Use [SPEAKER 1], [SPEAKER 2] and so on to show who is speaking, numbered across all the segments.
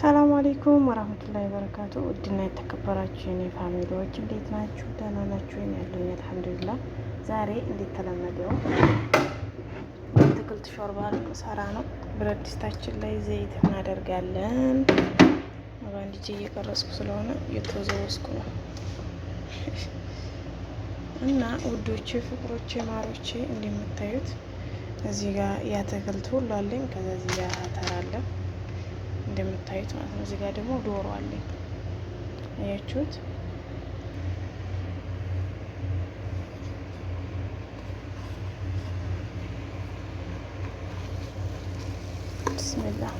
[SPEAKER 1] ሰላም አሌይኩም ወራህመቱላሂ በረካቱ። ውድና የተከበራችሁ የኔ ፋሚሊዎች እንዴት ናችሁ? ደህና ናችሁ? ወይም ያለሁኝ አልሐምዱሊላህ። ዛሬ እንዴት ተለመደው የአትክልት ሾርባ ሰራ ነው። ብረት ድስታችን ላይ ዘይት እናደርጋለን። በአንድ እጄ እየቀረጽኩ ስለሆነ እየተወዘወዝኩ ነው እና ውዶቼ፣ ፍቅሮቼ፣ ማሮቼ እንደምታዩት እዚህ ጋር ያትክልት ሁሉ አለኝ። ከዛ እዚህ ጋር አተር እንደምታዩት ማለት ነው። እዚህ ጋር ደግሞ ዶሮ አለኝ አያችሁት። ብስሚላህ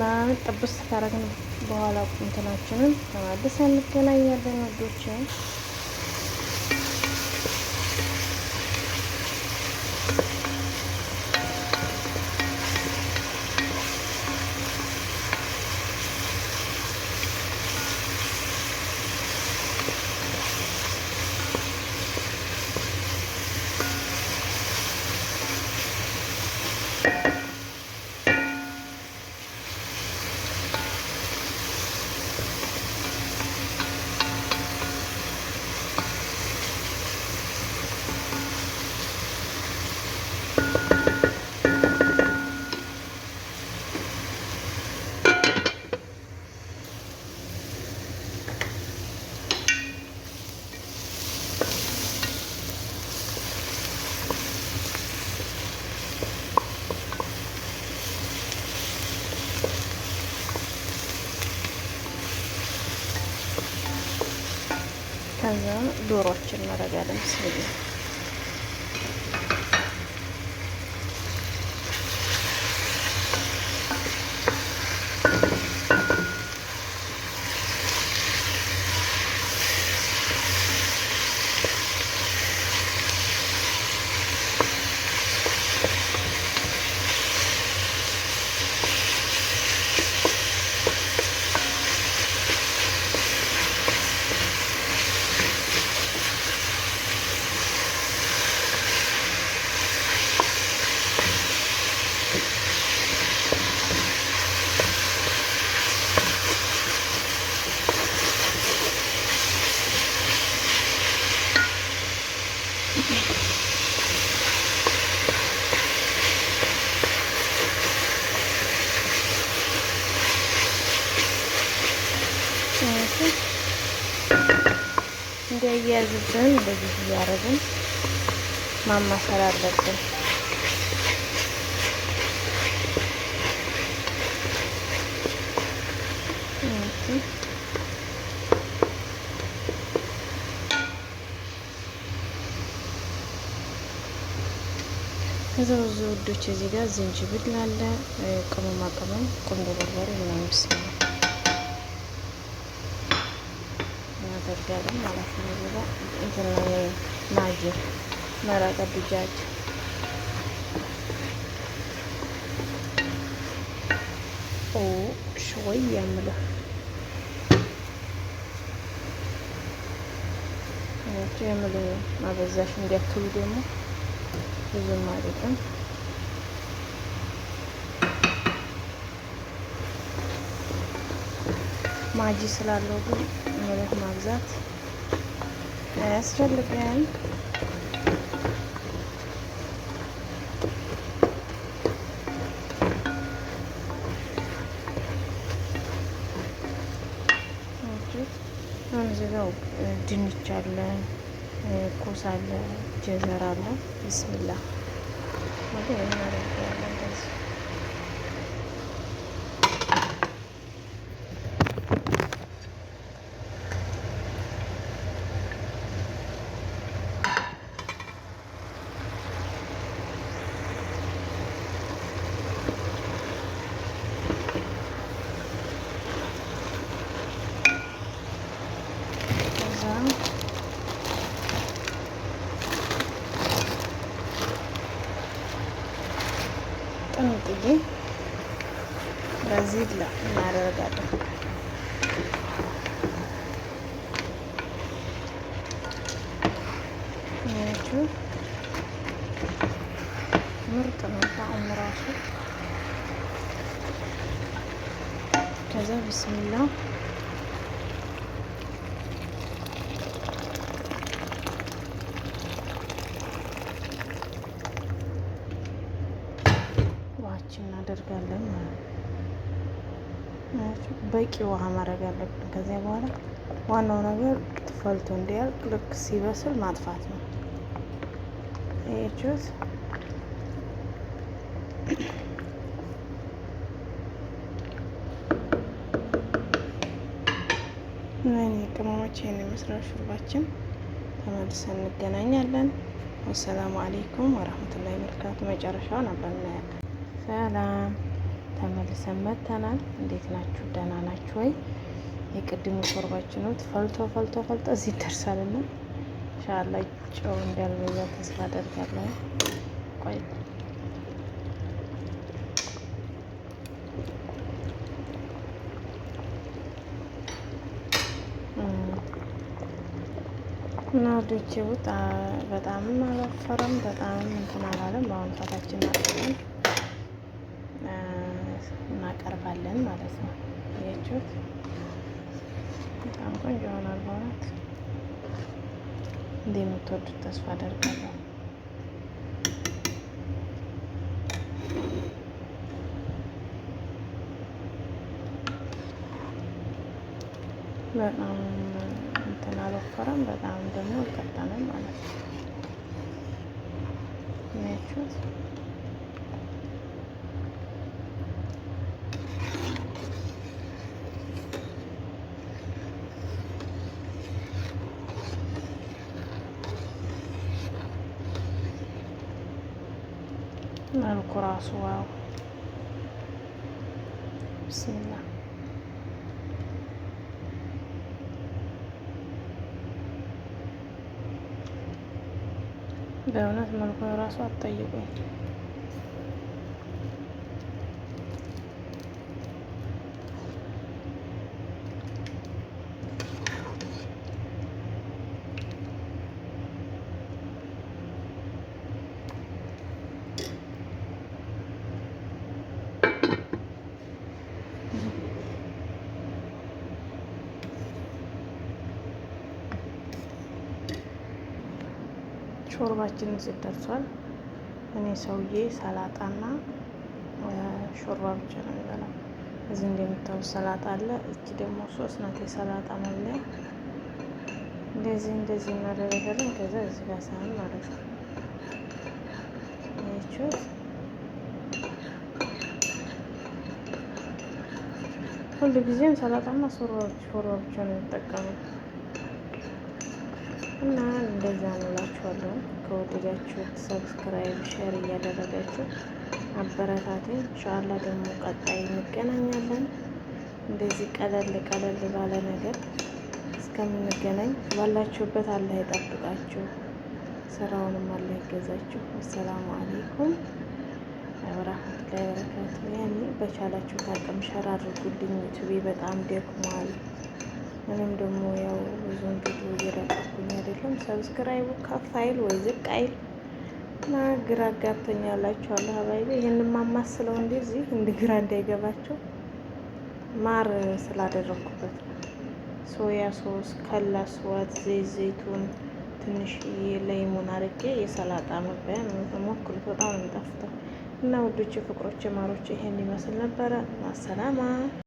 [SPEAKER 1] ምናምን ጥብስ ካረግን በኋላ ቁንትናችንን ተማድስ እንገናኛለን ወዶችን ከዛም ዶሮችን እናረጋለን። ስለዚህ እያዘዘን እንደዚህ እያደረግን ማማሰር አለብን። ከዛ ብዙ ውዶች እዚህ ጋር ዝንጅብል አለ፣ ቅመማ ቅመም፣ ቁንዶ በርበሬ ምናምን እንወስዳለን ማለት ነው። ሌላ እንትን ማጅር መረቀ ብጃጅ ኦ ሾይ የምለው ሰዎች የምል ማበዛሽ እንዲያትሉ ደግሞ ብዙም አይደለም። ማጂ ስላለው ግን በለት ማብዛት አያስፈልግም። እዚጋው ድንች አለ፣ ኮስ አለ፣ ጀዘር አለ። ቢስሚላ ቅንጥዬ በዚህ እናደርጋለን። ይሄችሁ ምርጥ ነው ጣዕሙ ራሱ ከዛ በቂ ውሃ ማድረግ አለብን። ከዚያ በኋላ ዋናው ነገር ፈልቶ እንዲያልቅ ልክ ሲበስል ማጥፋት ነው። ይችት ምን ቅመሞች ይህን የመስራት ሹርባችን ተመልሰን እንገናኛለን። ወሰላሙ አሌይኩም ወረህመቱላሂ በረካቱ። መጨረሻውን አብረን እናያለን። ሰላም ተመልሰን መተናል። እንዴት ናችሁ? ደህና ናችሁ ወይ? የቅድሙ ሾርባችን ነው ፈልቶ ፈልቶ ፈልጦ እዚህ ደርሳልና ሻላ ጨው እንዳልበዛ ተስፋ አደርጋለሁ። ቆይ እና ዶቼ ውጥ በጣምም አላፈረም በጣምም እንትን አላለም። በአሁን ሰዓታችን አለን እናቀርባለን ማለት ነው። ያችሁት በጣም ቆንጆ ይሆናል። በእውነት እንደምትወዱት ተስፋ አደርጋለሁ። በጣም እንትን አልወፈረም፣ በጣም ደግሞ አልቀጠንም ማለት ነው። ያችሁት مالك راسو واو بسم الله بنات مالك راسو الطيبين ሾርባችን እዚህ ደርሷል። እኔ ሰውዬ ሰላጣና ሾርባ ብቻ ነው የሚበላው። እዚህ እንደምታዩት ሰላጣ አለ። እቺ ደግሞ ሶስት ናት የሰላጣ መለያ። እንደዚህ እንደዚህ እናደረገልን ከዛ እዚህ ጋር ሳህን ማለት ነው ያችሁት ሁሉ ጊዜም ሰላጣና ሾርባ ብቻ ነው የሚጠቀሙት። እና እንደዛ እንላችኋለሁ። ከወደዳችሁት ሰብስክራይብ፣ ሼር እያደረጋችሁ አበረታቴ። ኢንሻአላህ ደግሞ ቀጣይ እንገናኛለን። እንደዚህ ቀለል ቀለል ባለ ነገር እስከምንገናኝ ባላችሁበት አላህ ይጠብቃችሁ፣ ስራውንም አላህ ይገዛችሁ። አሰላሙ አለይኩም ወራህመቱላሂ ወበረካቱ። ያኔ በቻላችሁ ታቅም ሸር አድርጉልኝ። ዩቱቤ በጣም ደክሟል። ምንም ደግሞ ያው ብዙን ቪዲዮ እየለቀኩኝ አይደለም። ሰብስክራይቡ ከፍ አይል ወይ ዝቅ አይል እና ግራ ጋብተኛ አጋብቶኛላችኋለሁ። ሀባይቤ ይህን ማማስለው እንደዚህ እንደ ግራ እንዳይገባቸው ማር ስላደረኩበት ሶያ ሶስ፣ ከላስዋት፣ ዘይት ዘይቱን፣ ትንሽ የለይሙን አርጌ የሰላጣ መበያ ነው ሞክሩት። በጣም ነው የሚጣፍጠው እና ውዶቼ፣ ፍቅሮቼ፣ ማሮቼ ይሄን ይመስል ነበረ። ማሰላማ